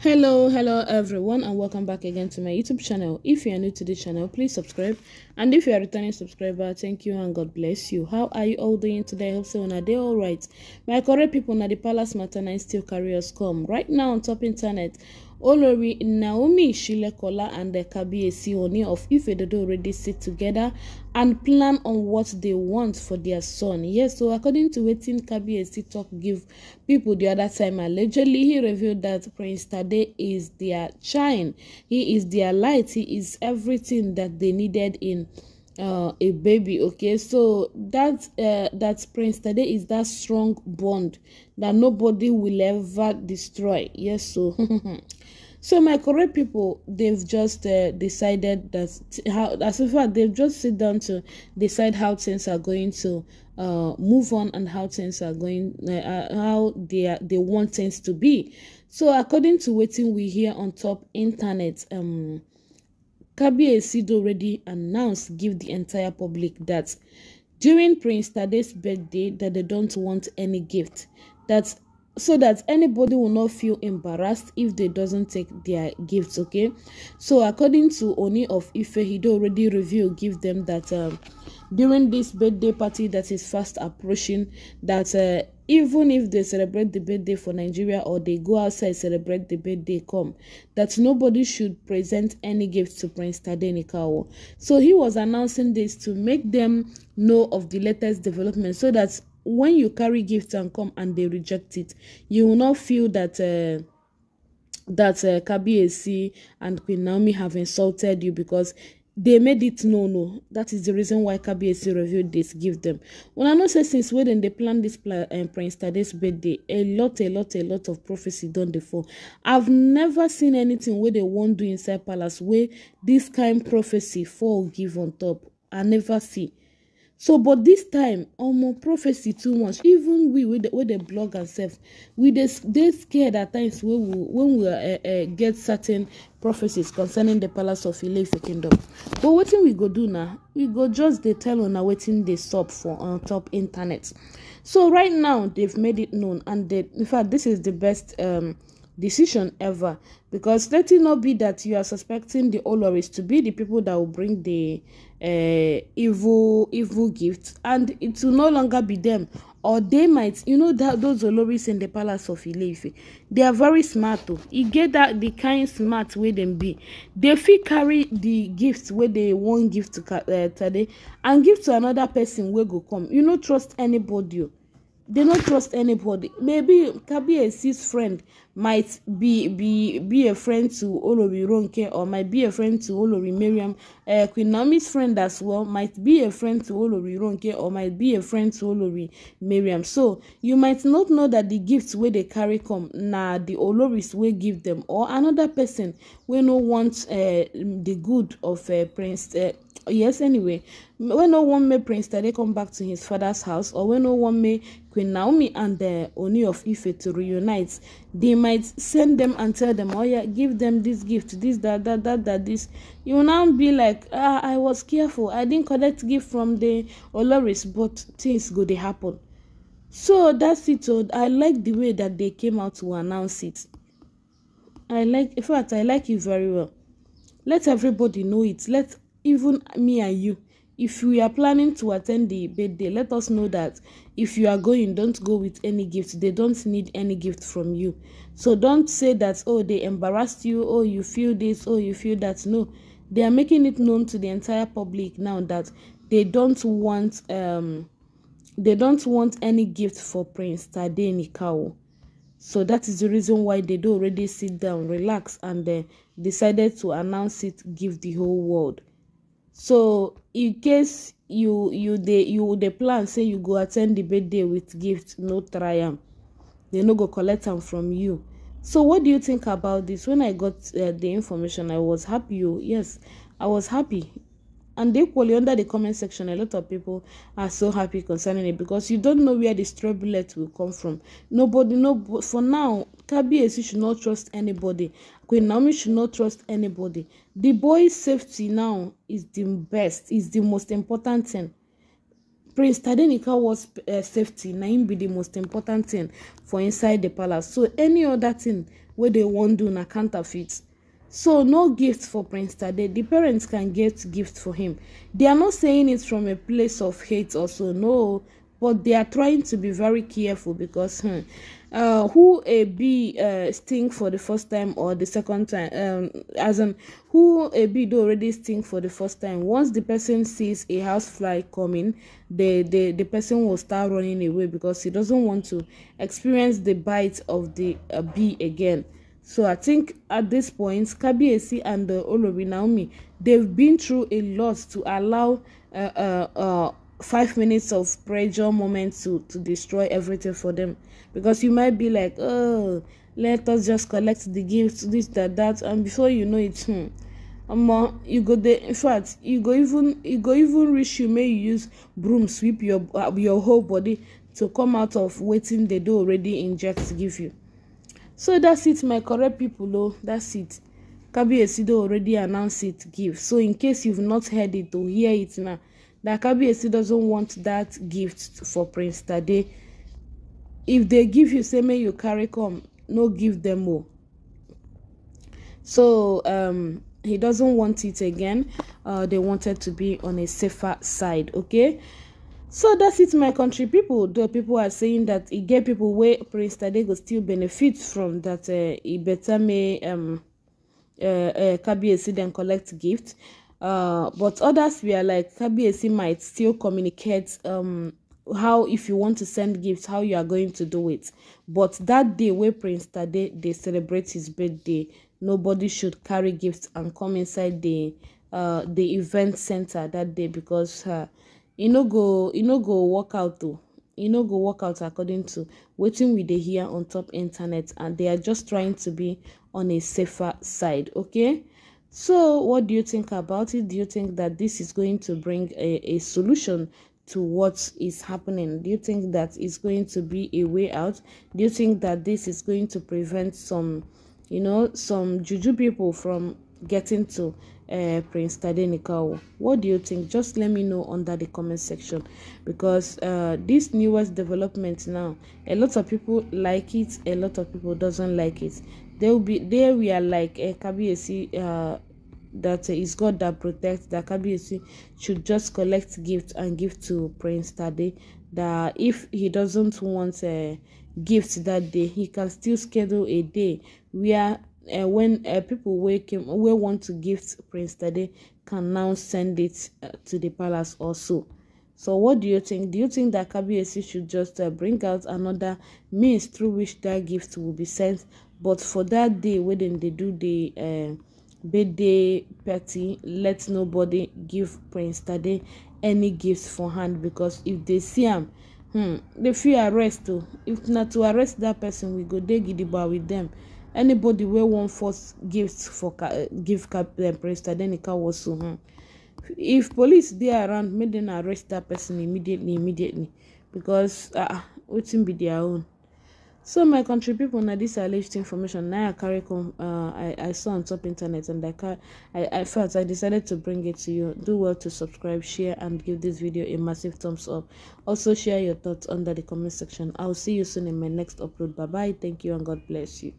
hello hello everyone and welcome back again to my youtube channel if you are new to the channel please subscribe and if you are a returning subscriber thank you and god bless you how are you all doing today i hope so una dey all right my correct people na the palace matter and still carry us come right now on top internet Olori Naomi Shilekola and the Kabiyesi Oni of Ifedodo already sit together and plan on what they want for their son. Yes, so according to waiting Kabiyesi talk give people the other time, allegedly he revealed that Prince Tade is their shine. He is their light. He is everything that they needed in uh, a baby okay so that uh, that prince today is that strong bond that nobody will ever destroy yes so so my correct people they've just uh, decided that how as in fact they've just sit down to decide how things are going to uh, move on and how things are going uh, uh how they are, they want things to be so according to waiting we hear on top internet um Kabir Kabiyesi already announced give the entire public that during Prince Tade's birthday that they don't want any gift that so that anybody will not feel embarrassed if they doesn't take their gifts okay so according to Ooni of Ife he don already revealed give them that um, during this birthday party that is fast approaching that uh, even if they celebrate the birthday for Nigeria or they go outside celebrate the birthday come that nobody should present any gift to Prince Tade So he was announcing this to make them know of the latest development so that when you carry gifts and come and they reject it, you will not feel that uh, that uh, Kabi and Queen Naomi have insulted you because they made it no no oh. that is the reason why kbac revealed this give them When I know say since wey they plan this plan, and eh, prince tade's birthday a lot a lot a lot of prophecy done before. i've never seen anything where they won't do inside palace where this kind prophecy fall give on top i never see so but this time omo prophecy too much even we wey dey blog ourselves we dey scared at times when we when we eh, eh, get certain prophecies concerning the palace of ileife kingdom but wetin we go do na we go just dey tell una wetin dey sup for on top internet so right now they've made it known and in fact this is the best um decision ever because let it not be that you are suspecting the oloris to be the people that will bring the uh, evil evil gift and it will no longer be them or they might you know that those oloris in the palace of Ilife, they are very smart o e get that the kind smart wey dem be they fit carry the gift wey they wan give to uh, eh, today and give to another person wey go come you no trust anybody o oh. they no trust anybody maybe kabiyesi's friend might be be be a friend to Olori Ronke or might be a friend to Olori Mariam. Uh, Queen Naomi's friend as well might be a friend to Olori Ronke or might be a friend to Olori Mariam. So you might not know that the gifts wey dey carry come na the Oloris wey give them or another person wey no want uh, the good of uh, Prince. Uh, yes anyway when no one may prince tade come back to his father's house or when no one may queen naomi and the uh, oni of ife to reunite they might send them and tell them oh yeah give them this gift this that that that that this you now be like ah i was careful i didn't collect gift from the oloris but things go dey happen so that's it oh. i like the way that they came out to announce it i like in fact i like it very well let everybody know it let even me and you if you are planning to attend the birthday let us know that if you are going don't go with any gift they don't need any gift from you so don't say that oh they embarrassed you oh you feel this oh you feel that no they are making it known to the entire public now that they don't want um they don't want any gift for prince tade nikao so that is the reason why they do already sit down relax and then decided to announce it give the whole world so in case you you dey you dey plan say you go attend the birthday with gift no try am they no go collect am from you so what do you think about this when i got uh, the information i was happy oh yes i was happy and equally under the comment section a lot of people are so happy concerning it because you don't know where the stray bullet will come from nobody no for now kabiyesi should not trust anybody queen naomi should not trust anybody the boy's safety now is the best is the most important thing prince tadenika was uh, safety na him be the most important thing for inside the palace so any other thing wey dey wan do na counterfeit So no gift for Prince Tade. The parents can get gift for him. They are not saying it from a place of hate also, no. But they are trying to be very careful because hmm, uh, who a bee uh, sting for the first time or the second time, um, as in who a bee do already sting for the first time. Once the person sees a housefly coming, the, the, the person will start running away because he doesn't want to experience the bite of the uh, bee again. So I think at this point, Kabiesi and uh, Olori Naomi, they've been through a lot to allow uh, uh, uh, five minutes of pressure moment to, to destroy everything for them. Because you might be like, oh, let us just collect the gifts, this, that, that. And before you know it, hmm, Amma, you go there. in fact you go even you go even reach you may use broom sweep your uh, your whole body to come out of waiting. They do already inject to give you so that's it my correct people oh that's it Kabi Esido already announced it Gift. so in case you've not heard it to hear it now that Kabi Esido doesn't want that gift for prince tade if they give you say make you carry come no give them more so um he doesn't want it again uh they wanted to be on a safer side okay so that's it my country people the people are saying that e get people where prince Tadego still benefits from that uh, eh, e better may um, uh, uh, kabiyesi then collect gift uh, but others we are like kabiyesi might still communicate um, how if you want to send gifts how you are going to do it but that day where prince tade they celebrate his birthday nobody should carry gifts and come inside the uh, the event center that day because uh, e no go e no go work out o e no go work out according to wetin we dey hear on top internet and they are just trying to be on a safer side okay so what do you think about it do you think that this is going to bring a, a solution to what is happening do you think that it's going to be a way out do you think that this is going to prevent some you know some juju people from getting to uh, Prince Tadenikawo. What do you think? Just let me know under the comment section because uh, this newest development now, a lot of people like it, a lot of people doesn't like it. There will be there we are like a uh, eh, uh, that is God that protects that KBC should just collect gifts and give to Prince Tade. That if he doesn't want a eh, gift that day, he can still schedule a day where uh, when uh, people wey came wey want to gift Prince Tade can now send it uh, to the palace also. So what do you think? Do you think that Kabiyesi should just uh, bring out another means through which that gift will be sent? But for that day wey dem dey do the uh, birthday party, let nobody give Prince Tade any gift for hand because if they see am, hmm, they fit arrest o. Oh. If na to arrest that person, we go dey gidigba with them anybody wey wan force gift for uh, give uh, Barrister Adenika e Wosu hmm. if police dey around make dem arrest dat person immediately immediately because ah uh, wetin be their own so my country people, na this alleged information na i carry come uh, I, i saw on top internet and i car I, I felt i decided to bring it to you do well to subscribe share and give this video a massive thumbs up also share your thoughts under the comment section I will see you soon in my next upload bye bye thank you and god bless you